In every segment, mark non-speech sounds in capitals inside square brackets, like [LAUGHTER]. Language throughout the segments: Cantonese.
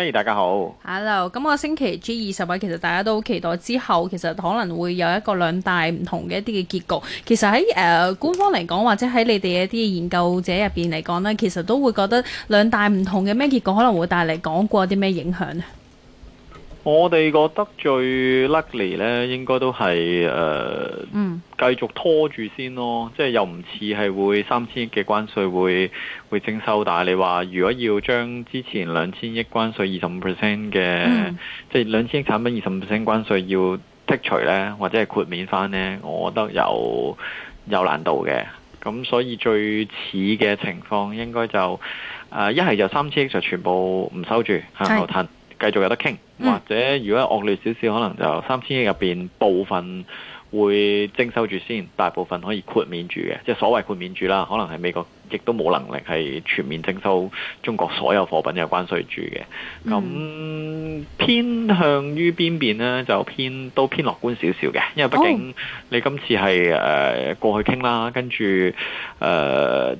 Hey, 大家好，Hello。今個星期 G 二十位，其實大家都好期待之後，其實可能會有一個兩大唔同嘅一啲嘅結局。其實喺誒、呃、官方嚟講，或者喺你哋一啲研究者入邊嚟講呢，其實都會覺得兩大唔同嘅咩結局可能會帶嚟港股一啲咩影響？我哋覺得最 lucky 呢應該都係誒，繼續拖住先咯。嗯、即係又唔似係會三千億嘅關稅會會徵收，但係你話如果要將之前兩千億關稅二十五 percent 嘅，即係兩千億產品二十五 percent 關稅要剔除呢，或者係豁免返呢，我覺得有有難度嘅。咁所以最似嘅情況，應該就誒一係就三千億就全部唔收住，向後褪。繼續有得傾，或者如果惡劣少少，可能就三千億入邊部分會徵收住先，大部分可以豁免住嘅，即係所謂豁免住啦。可能係美國亦都冇能力係全面徵收中國所有貨品有關稅住嘅。咁、嗯、偏向於邊邊呢？就偏都偏樂觀少少嘅，因為畢竟你今次係誒、呃、過去傾啦，跟住誒。呃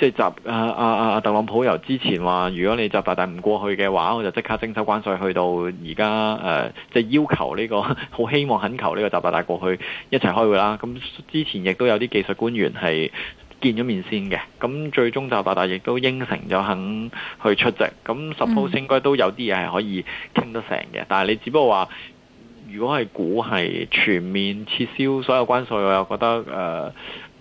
即係習啊啊啊特朗普由之前話，如果你習大大唔過去嘅話，我就即刻徵收關稅，去到而家誒，即、呃、係、就是、要求呢、這個好希望肯求呢個習大大過去一齊開會啦。咁之前亦都有啲技術官員係見咗面先嘅，咁最終習大大亦都應承咗肯去出席。咁 suppose 應該都有啲嘢係可以傾得成嘅，但係你只不過話，如果係股係全面撤銷所有關稅，我又覺得誒。呃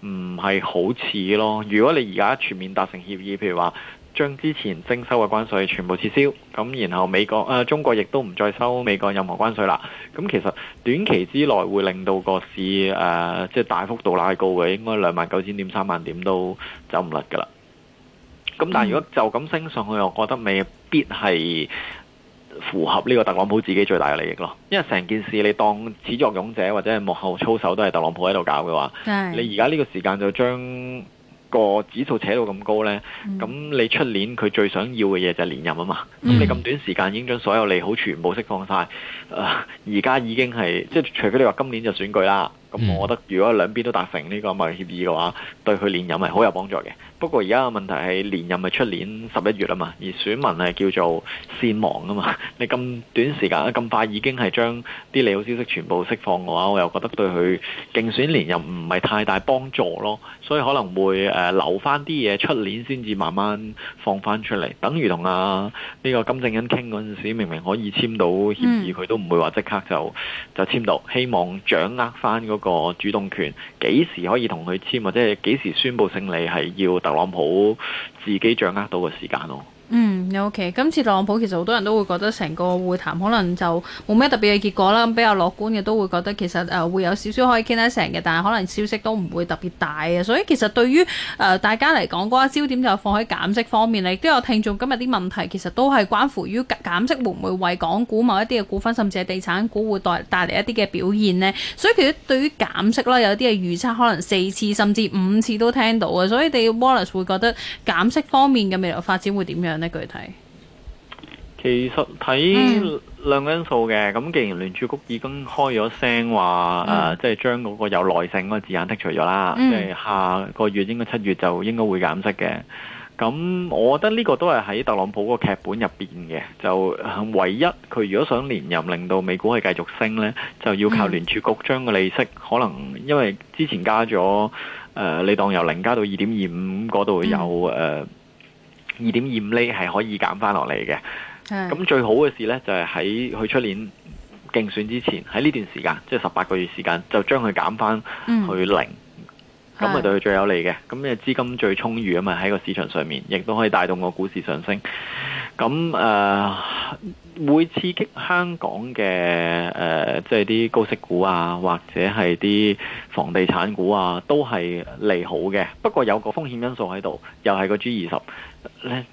唔係好似咯，如果你而家全面達成協議，譬如話將之前徵收嘅關稅全部撤銷，咁然後美國誒、呃、中國亦都唔再收美國任何關稅啦，咁其實短期之內會令到個市誒即係大幅度拉高嘅，應該兩萬九千點三萬點都走唔甩噶啦。咁但係如果就咁升上去，我覺得未必係。符合呢個特朗普自己最大嘅利益咯，因為成件事你當始作俑者或者係幕後操手都係特朗普喺度搞嘅話，你而家呢個時間就將個指數扯到咁高呢。咁、嗯、你出年佢最想要嘅嘢就係連任啊嘛，咁、嗯、你咁短時間已經將所有利好全部釋放晒。而、呃、家已經係即係除非你話今年就選舉啦。咁我覺得如果兩邊都達成呢個貿易協議嘅話，對佢連任係好有幫助嘅。不過而家嘅問題係連任係出年十一月啊嘛，而選民係叫做善忘啊嘛。你咁短時間咁快已經係將啲利好消息全部釋放嘅話，我又覺得對佢競選連任唔係太大幫助咯。所以可能會誒留翻啲嘢出年先至慢慢放翻出嚟。等於同啊呢個金正恩傾嗰陣時，明明可以簽到協議，佢都唔會話即刻就就簽到。希望掌握翻嗰。個主動權幾時可以同佢簽，或者係幾時宣佈勝利係要特朗普自己掌握到個時間咯。嗯，OK，今次特朗普其實好多人都會覺得成個會談可能就冇咩特別嘅結果啦。比較樂觀嘅都會覺得其實誒、呃、會有少少可以傾得成嘅，但係可能消息都唔會特別大嘅。所以其實對於、呃、大家嚟講，嗰、那個焦點就放喺減息方面。亦都有聽眾今日啲問題其實都係關乎於減息會唔會為港股某一啲嘅股份甚至係地產股會帶帶嚟一啲嘅表現呢。所以其實對於減息啦，有啲嘅預測可能四次甚至五次都聽到嘅。所以你 Wallace 會覺得減息方面嘅未來發展會點樣？睇具體，其實睇兩個因素嘅。咁既然聯儲局已經開咗聲話，誒，即係將嗰個有耐性嗰個字眼剔除咗啦，即係下個月應該七月就應該會減息嘅。咁我覺得呢個都係喺特朗普個劇本入邊嘅。就唯一佢如果想連任，令到美股係繼續升呢，就要靠聯儲局將個利息可能因為之前加咗，誒，你當由零加到二點二五嗰度有誒。二點二五厘係可以減翻落嚟嘅，咁最好嘅事呢，就係喺佢出年競選之前，喺呢段時間即係十八個月時間，就將佢減翻去零，咁、嗯、啊對佢最有利嘅。咁誒資金最充裕啊嘛，喺個市場上面，亦都可以帶動個股市上升。咁誒會刺激香港嘅誒，即係啲高息股啊，或者係啲房地產股啊，都係利好嘅。不過有個風險因素喺度，又係個 G 二十。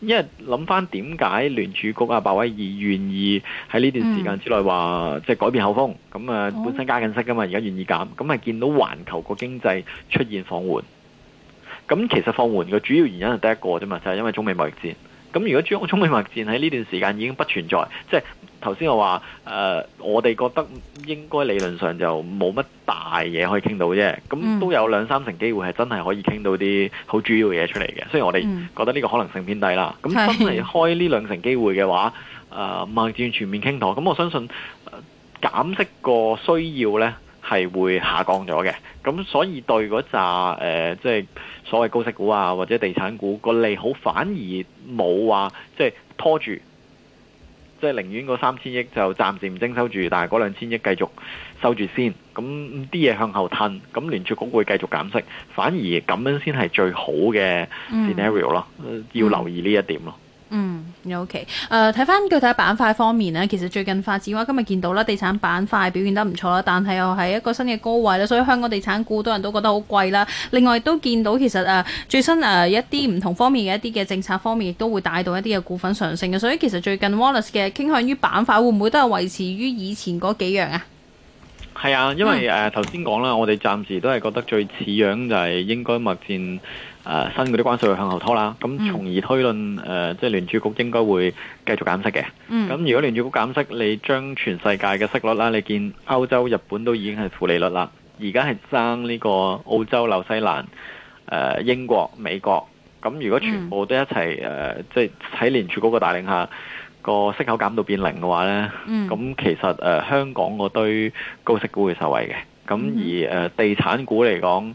因為諗翻點解聯儲局啊，鮑威爾願意喺呢段時間之內話，即係改變口風，咁啊本身加緊息噶嘛，而家願意減，咁係見到環球個經濟出現放緩，咁其實放緩個主要原因係第一個啫嘛，就係、是、因為中美貿易戰。咁如果中美貿易戰喺呢段時間已經不存在，即係。頭先我話誒、呃，我哋覺得應該理論上就冇乜大嘢，可以傾到啫，咁都有兩三成機會係真係可以傾到啲好主要嘅嘢，出嚟嘅。雖然我哋覺得呢個可能性偏低啦，咁真係開呢兩成機會嘅話，誒貿易戰全面傾妥，咁我相信減息個需要呢係會下降咗嘅，咁所以對嗰扎誒，即係所謂高息股啊或者地產股個利好反而冇話即係拖住。即係寧願嗰三千億就暫時唔徵收住，但係嗰兩千億繼續收住先。咁啲嘢向後褪，咁聯儲局會繼續減息，反而咁樣先係最好嘅 scenario 咯。Mm. 要留意呢一點咯。嗯，OK。誒、呃，睇翻具體板塊方面咧，其實最近發展，話今日見到啦，地產板塊表現得唔錯啦，但係又係一個新嘅高位啦，所以香港地產股多人都覺得好貴啦。另外都見到其實誒最新誒、啊、一啲唔同方面嘅一啲嘅政策方面，亦都會帶動一啲嘅股份上升嘅。所以其實最近 Wallace 嘅傾向於板塊會唔會都係維持於以前嗰幾樣啊？係啊，因為誒頭先講啦，我哋暫時都係覺得最似樣就係應該默戰。誒新嗰啲關稅會向後拖啦，咁從而推論誒，即、嗯、係、呃即係、聯儲局應該會繼續減息嘅。咁、嗯、如果聯儲局減息，你將全世界嘅息率啦，你見歐洲、日本都已經係負利率啦，而家係爭呢個澳洲、紐西蘭、呃、英國、美國，咁如果全部都一齊誒，即係喺聯儲局嘅帶領下個息口減到變零嘅話呢，咁、嗯、其實、呃、香港嗰堆高息股會受惠嘅。咁而、呃、地產股嚟講，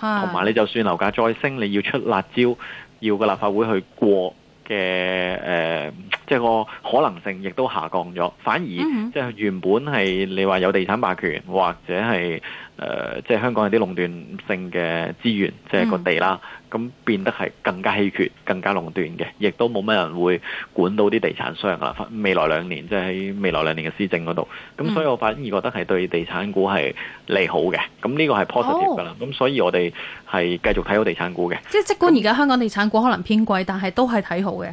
同埋你就算樓價再升，你要出辣椒，要個立法會去過嘅誒，即係個可能性亦都下降咗。反而即係原本係你話有地產霸權或者係。誒、呃，即係香港有啲壟斷性嘅資源，嗯、即係個地啦，咁變得係更加稀缺、更加壟斷嘅，亦都冇乜人會管到啲地產商啦。未來兩年，即係喺未來兩年嘅施政嗰度，咁所以我反而覺得係對地產股係利好嘅，咁呢個係 positive 㗎啦。咁、哦、所以我哋係繼續睇好地產股嘅。即係，儘管而家香港地產股可能偏貴，但係都係睇好嘅。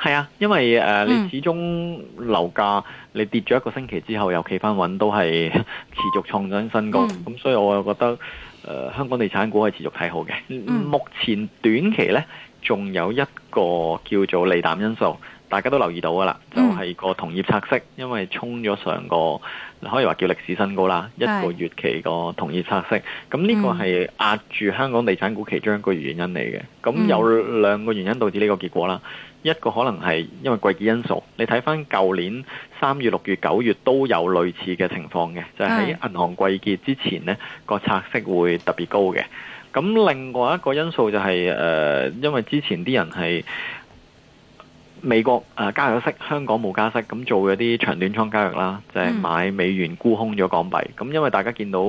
係啊，因為誒、呃嗯，你始終樓價你跌咗一個星期之後又企翻穩，都係持續創新新高。咁、嗯、所以我又覺得誒、呃，香港地產股係持續睇好嘅、嗯。目前短期呢，仲有一個叫做利淡因素，大家都留意到噶啦，就係、是、個同業拆息、嗯，因為衝咗上個可以話叫歷史新高啦，嗯、一個月期個同業拆息。咁、嗯、呢個係壓住香港地產股其中一個原因嚟嘅。咁有兩個原因導致呢個結果啦。一個可能係因為季結因素，你睇翻舊年三月、六月、九月都有類似嘅情況嘅，就係喺銀行季結之前呢、個拆息會特別高嘅。咁另外一個因素就係誒，因為之前啲人係。美國誒加咗息，香港冇加息，咁做嗰啲長短倉交易啦，就係、是、買美元沽空咗港幣。咁、嗯、因為大家見到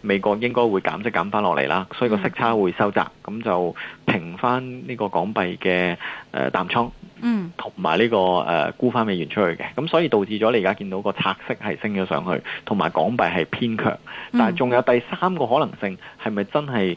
美國應該會減息減翻落嚟啦，所以個息差會收窄，咁、嗯、就平翻呢個港幣嘅誒淡倉，嗯，同埋呢個誒沽翻美元出去嘅。咁所以導致咗你而家見到個拆息係升咗上去，同埋港幣係偏強。但係仲有第三個可能性係咪真係？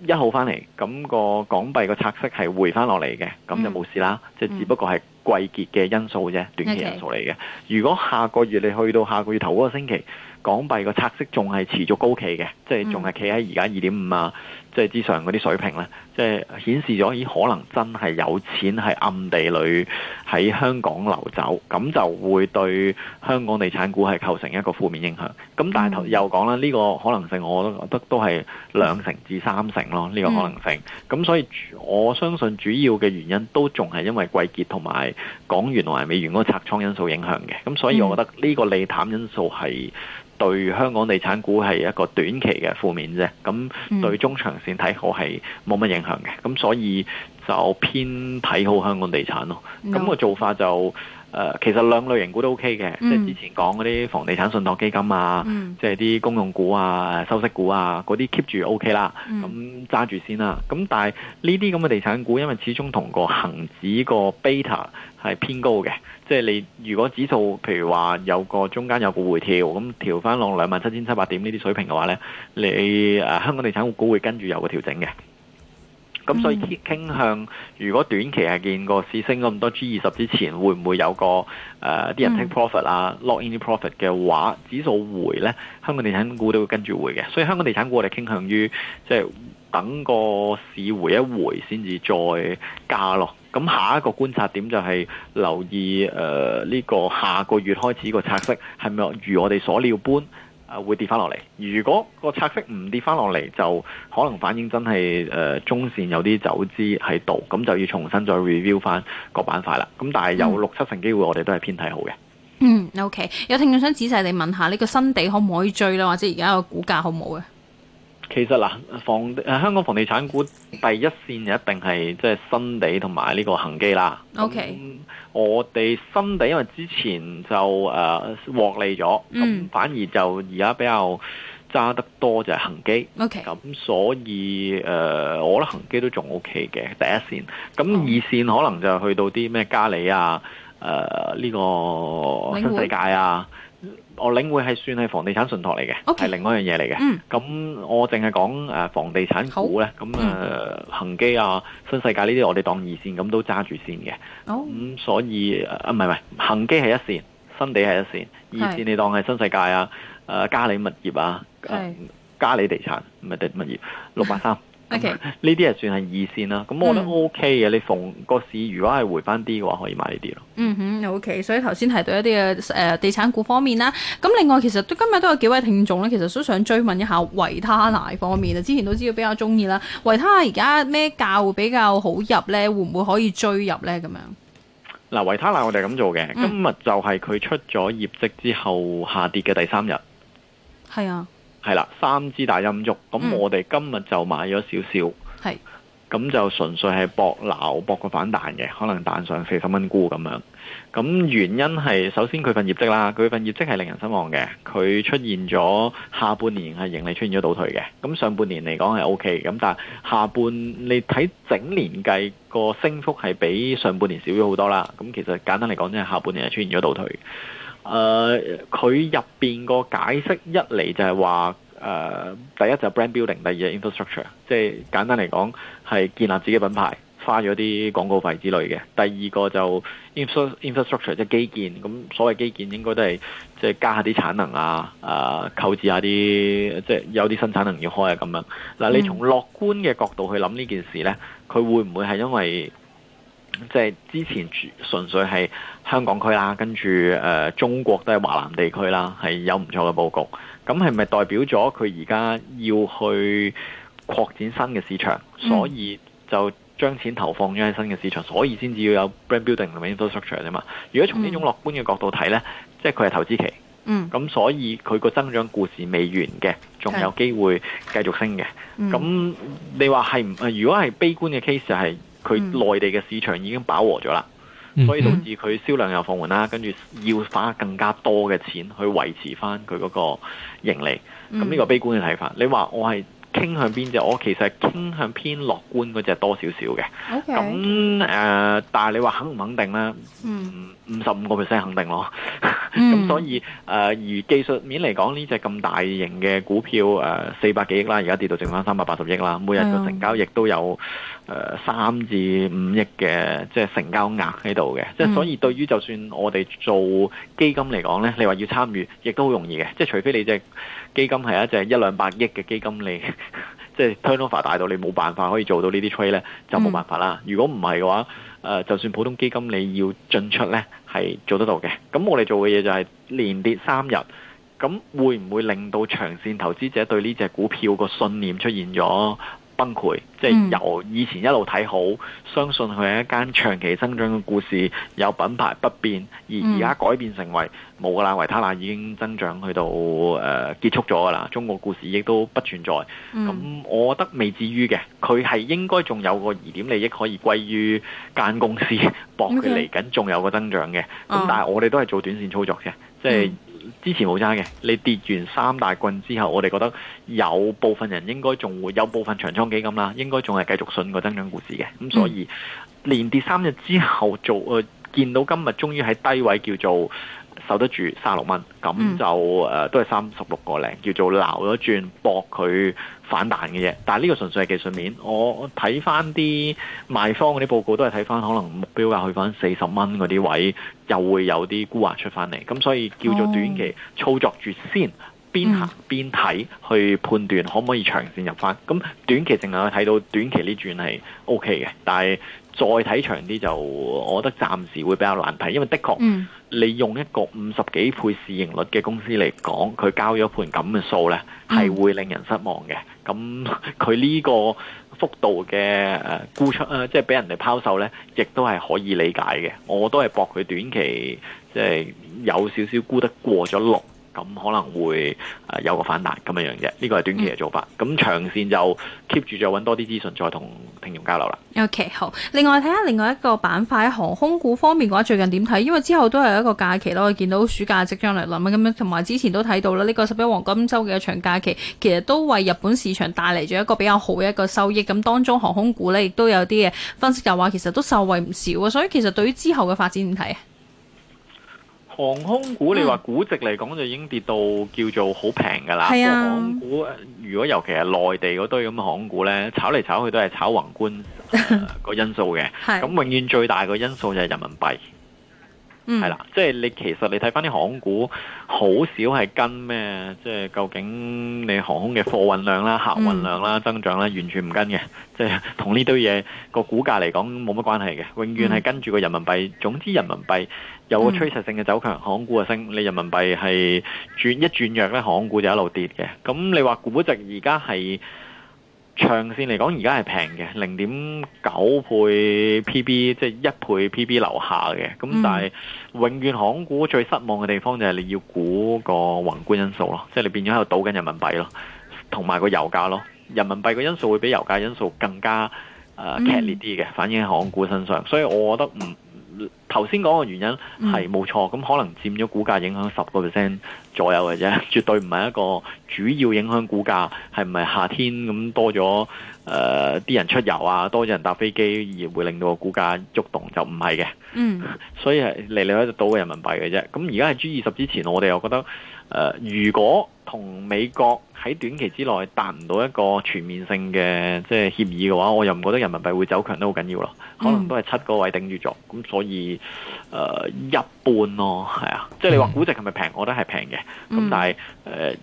一號翻嚟，咁、那個港幣個拆息係回翻落嚟嘅，咁就冇事啦。即、嗯、係只不過係季結嘅因素啫、嗯，短期因素嚟嘅。Okay. 如果下個月你去到下個月頭嗰個星期，港幣個拆息仲係持續高企嘅，即係仲係企喺而家二點五啊。嗯即係之上嗰啲水平咧，即係顯示咗咦可能真係有錢係暗地裏喺香港流走，咁就會對香港地產股係構成一個負面影響。咁但係頭又講啦，呢個可能性我都覺得都係兩成至三成咯，呢個可能性。咁所以我相信主要嘅原因都仲係因為季結同埋港元同埋美元嗰個拆倉因素影響嘅。咁所以我覺得呢個利淡因素係對香港地產股係一個短期嘅負面啫。咁對中長先睇好係冇乜影響嘅，咁所以就偏睇好香港地產咯。咁個做法就。誒、呃，其實兩類型股都 O K 嘅，即係之前講嗰啲房地產信託基金啊，嗯、即係啲公用股啊、收息股啊，嗰啲 keep 住 O K 啦，咁揸住先啦、啊。咁但係呢啲咁嘅地產股，因為始終同個恒指個 beta 係偏高嘅，即係你如果指數譬如話有個中間有個回調，咁調翻落兩萬七千七百點呢啲水平嘅話呢，你誒、呃、香港地產股，股會跟住有個調整嘅。咁所以傾向，嗯、如果短期係見個市升咁多 G20 之前，會唔會有個誒啲、呃、人 take profit 啊、嗯、lock in the profit 嘅話，指數回呢，香港地產股都會跟住回嘅。所以香港地產股我哋傾向於即係、就是、等個市回一回先至再加咯。咁下一個觀察點就係留意誒呢、呃這個下個月開始個拆息係咪如我哋所料般？會跌翻落嚟。如果個拆息唔跌翻落嚟，就可能反映真係誒、呃、中綫有啲走資，喺度，咁就要重新再 review 翻個板塊啦。咁但係有六七成機會，我哋都係偏睇好嘅。嗯，OK。有聽眾想仔細地問一下呢個新地可唔可以追啦，或者而家個股價好唔好呀？其實嗱，房香港房地產股第一線就一定係即係新地同埋呢個恒基啦。O、okay. K，我哋新地因為之前就誒獲、呃、利咗，咁、mm. 反而就而家比較揸得多就係恒基。O K，咁所以誒、呃，我覺得恒基都仲 O K 嘅第一線。咁二線可能就去到啲咩嘉里啊，誒、呃、呢、呢個新世界啊。我領會係算係房地產信託嚟嘅，係、okay. 另外一樣嘢嚟嘅。咁、嗯、我淨係講誒房地產股咧，咁、呃、啊恒基啊新世界呢啲我哋當二線咁都揸住先嘅。咁、oh. 嗯、所以啊唔係唔係恒基係一線，新地係一線，二線你當係新世界啊，誒嘉里物業啊，嘉里、啊、地產唔係地物業六百三。 [LAUGHS] O.K. 呢啲係算係二線啦，咁我覺得 O.K. 嘅。你逢個市如果係回翻啲嘅話，可以買呢啲咯。嗯哼，O.K. 所以頭先提到一啲嘅誒地產股方面啦。咁另外其實都今日都有幾位聽眾咧，其實都想追問一下維他奶方面啊。之前都知道比較中意啦，維他奶而家咩價會比較好入咧？會唔會可以追入咧？咁樣嗱，啊，維他奶我哋咁做嘅、嗯，今日就係佢出咗業績之後下跌嘅第三日。係啊。係啦，三支大陰燭，咁我哋今日就買咗少少，咁、嗯、就純粹係搏撈搏個反彈嘅，可能彈上四十蚊股咁樣。咁原因係首先佢份業績啦，佢份業績係令人失望嘅，佢出現咗下半年係盈利出現咗倒退嘅，咁上半年嚟講係 OK，咁但下半你睇整年計個升幅係比上半年少咗好多啦。咁其實簡單嚟講，即係下半年係出現咗倒退。誒佢入邊個解釋一嚟就係話誒第一就 brand building，第二就 infrastructure，即係簡單嚟講係建立自己品牌，花咗啲廣告費之類嘅。第二個就 infrastructure 即係基建，咁所謂基建應該都係即係加下啲產能啊，啊、呃、構置一下啲即係有啲新產能要開啊咁樣。嗱、呃、你從樂觀嘅角度去諗呢件事呢，佢會唔會係因為？即、就、係、是、之前純粹係香港區啦，跟住、呃、中國都係華南地區啦，係有唔錯嘅佈局。咁係咪代表咗佢而家要去擴展新嘅市場，所以就將錢投放咗喺新嘅市場，所以先至要有 brand building 同埋 infrastructure 啫嘛。如果從呢種樂觀嘅角度睇呢，嗯、即係佢係投資期，咁、嗯、所以佢個增長故事未完嘅，仲有機會繼續升嘅。咁你話係唔？如果係悲觀嘅 case 係、就是。佢內地嘅市場已經飽和咗啦，所以導致佢銷量又放緩啦，跟住要花更加多嘅錢去維持返佢嗰個盈利，咁呢個悲觀嘅睇法，你話我係？傾向邊隻？我其實傾向偏樂觀嗰隻多少少嘅。咁、okay. 誒、呃，但係你話肯唔肯定咧？五十五個 percent 肯定咯。咁 [LAUGHS] 所以誒，而、呃、技術面嚟講，呢隻咁大型嘅股票誒，四百幾億啦，而家跌到剩返三百八十億啦。每日嘅成交亦都有誒三、mm. 呃、至五億嘅即係成交額喺度嘅。即、mm. 係所以，對於就算我哋做基金嚟講呢，你話要參與，亦都好容易嘅。即係除非你隻。基金係一隻一兩百億嘅基金，你即 [LAUGHS] 係 turnover 大到你冇辦法可以做到這些呢啲 trade 咧，就冇辦法啦。如果唔係嘅話，呃，就算普通基金你要進出呢，係做得到嘅。咁我哋做嘅嘢就係連跌三日，咁會唔會令到長線投資者對呢隻股票個信念出現咗崩潰，即係由以前一路睇好，嗯，相信佢係一間長期增長嘅故事，有品牌不變，而而家改變成為冇噶啦，維、嗯、他奶已經增長去到誒、呃、結束咗噶啦，中國故事亦都不存在。咁、嗯、我覺得未至於嘅，佢係應該仲有個疑點利益可以歸於間公司搏佢嚟緊仲有個增長嘅，咁、oh. 但係我哋都係做短線操作嘅，即係。嗯之前冇揸嘅，你跌完三大棍之後，我哋覺得有部分人應該仲會有部分長倉基金啦，應該仲係繼續信個增長故事嘅。咁所以連跌三日之後做，做、呃、誒見到今日終於喺低位叫做。守得住三十六蚊，咁就誒、呃、都係三十六個零，叫做鬧咗轉，博佢反彈嘅啫。但係呢個純粹係技術面，我睇翻啲賣方嗰啲報告，都係睇翻可能目標價去翻四十蚊嗰啲位，又會有啲沽壓出翻嚟。咁所以叫做短期、oh. 操作住先，邊行邊睇去判斷可唔可以長線入翻。咁短期淨係睇到短期呢轉係 OK 嘅，但係。再睇長啲就，我覺得暫時會比較難睇，因為的確，嗯、你用一個五十幾倍市盈率嘅公司嚟講，佢交咗盤咁嘅數呢，係會令人失望嘅。咁佢呢個幅度嘅沽出、呃、即係俾人哋拋售呢，亦都係可以理解嘅。我都係博佢短期，即、就、係、是、有少少沽得過咗六。咁可能會誒有個反彈咁樣嘅，呢個係短期嘅做法。咁、嗯、長線就 keep 住再揾多啲資訊，再同聽眾交流啦。OK，好。另外睇下另外一個板塊，航空股方面嘅話，最近點睇？因為之後都係一個假期啦，我見到暑假的即將嚟臨咁樣，同埋之前都睇到啦，呢、呢個十一黃金週嘅長假期，其實都為日本市場帶嚟咗一個比較好嘅一個收益。咁當中航空股呢，亦都有啲嘅分析就話，其實都受惠唔少啊。所以其實對於之後嘅發展點睇？航空股，你話估值，嚟講就已經跌到叫做好平噶啦。啊、航空股如果尤其係內地嗰堆咁嘅航空股咧，炒嚟炒去都係炒宏觀個因素嘅，咁、 [LAUGHS] 呃、永遠最大個因素就係人民幣。係、嗯、啦，即係、就是、你其實你睇翻啲航空股，好少係跟咩？即、就、係、是、究竟你航空嘅貨運量啦、客運量啦增長啦、嗯，完全唔跟嘅，即係同呢堆嘢個股價嚟講冇乜關係嘅，永遠係跟住個人民幣、嗯。總之，人民幣有個趨勢性嘅走強，航空股就升，你人民幣係轉一轉弱咧，航空股就一路跌嘅。咁你話估值而家係？長線嚟講，而家係平嘅，零點九倍 PB，即係一倍 PB 樓下嘅。咁、嗯、但係，永遠港股最失望嘅地方就係你要估個宏觀因素咯，即係你變咗喺度賭緊人民幣咯，同埋個油價咯。人民幣個因素會比油價因素更加誒呃、劇烈啲嘅，反映喺港股身上。所以我覺得唔。頭先講嘅原因係冇錯，咁、嗯、可能佔咗股價影響十個 percent 左右嘅啫，絕對唔係一個主要影響股價。係唔係夏天咁多咗誒啲人出遊啊，多咗人搭飛機而會令到個股價郁動？就唔係嘅。嗯，所以係嚟嚟去去都係人民幣嘅啫。咁而家係 G 二十之前，我哋又覺得。呃、如果同美國喺短期之內達唔到一個全面性嘅即係協議嘅話，我又唔覺得人民幣會走強都好緊要咯，可能都係七個位頂住咗，咁、嗯、所以、呃、一半咯，係啊，即、就、係、是、你話估值係咪平？我覺得係平嘅，咁但係、呃、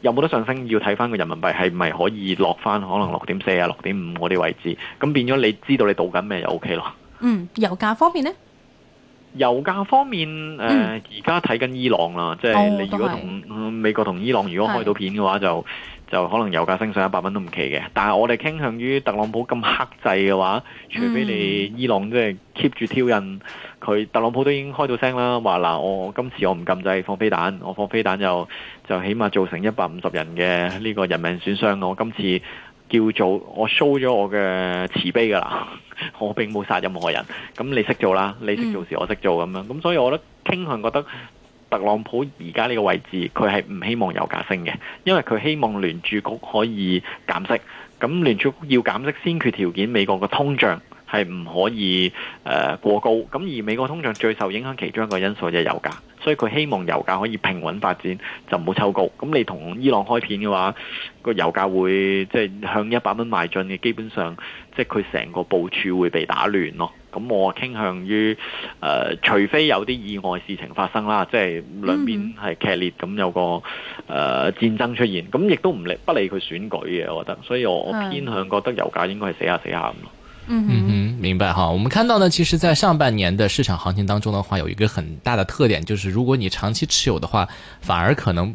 有冇得上升？要睇翻個人民幣係咪可以落翻可能六點四啊六點五嗰啲位置，咁變咗你知道你賭緊咩就 OK 咯、嗯。油價方面呢？油價方面，誒而家睇緊伊朗啦、嗯，即係你如果同、哦嗯、美國同伊朗如果開到片嘅話就，就就可能油價升上一百蚊都唔奇嘅。但係我哋傾向於特朗普咁克制嘅話，除非你伊朗即係 keep 住挑釁，佢、嗯、特朗普都已經開到聲啦，話嗱、啊、我今次我唔禁制放飛彈，我放飛彈就就起碼造成一百五十人嘅呢個人命損傷，我今次。叫做我 show 咗我嘅慈悲噶啦，我並冇殺任何人。咁你識做啦，你識做事，我識做咁樣。咁所以我都傾向覺得特朗普而家呢個位置，佢係唔希望油價升嘅，因為佢希望聯儲局可以減息。咁聯儲局要減息，先決條件美國嘅通脹。係唔可以誒過高咁，而美國通脹最受影響其中一個因素就係油價，所以佢希望油價可以平穩發展，就唔好抽高。咁你同伊朗開片嘅話，個油價會即係向一百蚊邁進嘅，基本上即係佢成個部署會被打亂咯。咁我傾向於誒、呃，除非有啲意外事情發生啦，即、就、係、是、兩邊係劇烈咁有個誒、mm -hmm. 呃、戰爭出現，咁亦都唔理不理佢選舉嘅，我覺得，所以我偏向覺得油價應該係死下死下咁 [NOISE] 嗯嗯嗯，明白哈。我們看到呢，其實，在上半年的市場行情當中的話，有一個很大的特點，就是如果你長期持有的話，反而可能。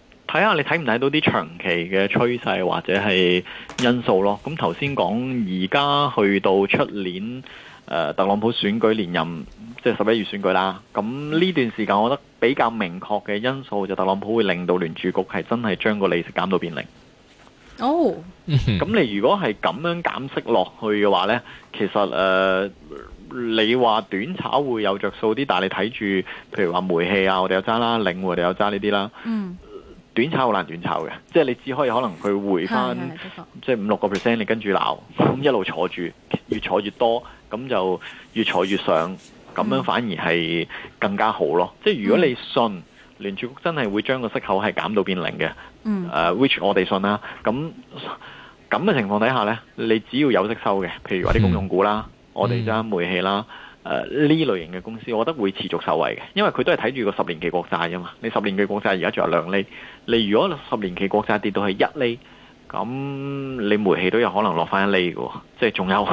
睇下你睇唔睇到啲長期嘅趨勢或者係因素咯？咁頭先講而家去到出年、呃，特朗普選舉連任，即係十一月選舉啦。咁呢段時間，我覺得比較明確嘅因素就特朗普會令到聯儲局係真係將個利息減到變零。哦，咁你如果係咁樣減息落去嘅話呢，其實誒、呃，你話短炒會有着數啲，但係你睇住，譬如話煤氣啊，我哋有揸啦，領匯我哋有揸呢啲啦，嗯、mm.。短炒好難短炒嘅，即係你只可以可能佢回翻，即係五六個 percent，你跟住鬧咁一路坐住，越坐越多，咁就越坐越上，咁樣反而係更加好咯。嗯、即係如果你信聯儲局真係會將個息口係減到變零嘅，which 我哋信啦、啊。咁咁嘅情況底下呢，你只要有息收嘅，譬如話啲公用股啦，嗯、我哋揸煤氣啦。呢、呃、類型嘅公司，我覺得會持續受惠嘅，因為佢都係睇住個十年期國債啊嘛。你十年期國債而家仲有兩厘，你如果十年期國債跌到係一厘，咁你煤氣都有可能落翻一厘嘅，即係仲有、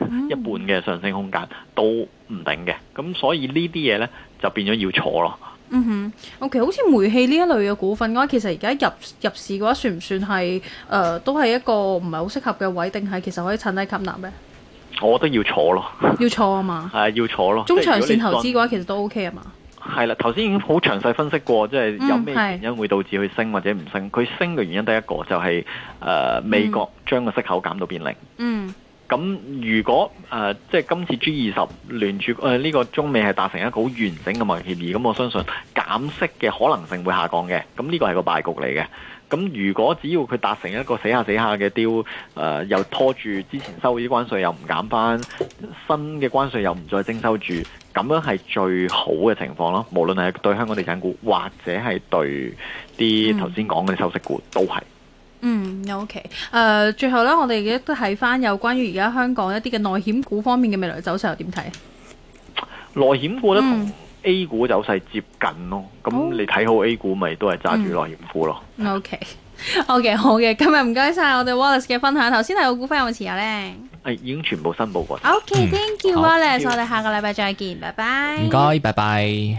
嗯、 [LAUGHS] 一半嘅上升空間都唔定嘅。咁所以呢啲嘢呢，就變咗要坐咯。嗯哼，OK，好似煤氣呢一類嘅股份嘅話，其實而家入入市嘅話算唔算，算唔算係都係一個唔係好適合嘅位，定係其實可以趁低吸納咧？我覺得要坐咯，要坐啊嘛。係、呃、啊，要坐咯。中長線投資嘅話，其實都 O K 啊嘛。係、就、啦、是，頭先已經好詳細分析過，即係有咩原因會導致佢升或者唔升。佢、嗯、升嘅原因第一個，就係、是、誒、呃、美國將個息口減到變零。嗯。咁如果誒、呃、即係今次 G 二十聯儲誒呢個中美係達成一個好完整嘅貿易協議，咁我相信減息嘅可能性會下降嘅。咁呢個係個敗局嚟嘅。咁如果只要佢達成一個死下死下嘅 deal、呃，誒又拖住之前收啲關稅又唔減翻，新嘅關稅又唔再徵收住，咁樣係最好嘅情況咯。無論係對香港地產股，或者係對啲頭先講嘅收息股，嗯、都係。嗯，OK。誒，最後呢，我哋亦都睇翻有關於而家香港一啲嘅內險股方面嘅未來走勢，又點睇？內險股同。嗯 A 股走勢接近咯，咁你睇好 A 股咪都係揸住內險股咯。O K，O K，好嘅，今日唔該晒我哋 Wallace 嘅分享，頭先係個股份有冇持有咧？係、哎、已經全部申報過。O、okay, K，Thank、嗯、you，Wallace，我哋下個禮拜再見，拜拜。唔該，拜拜。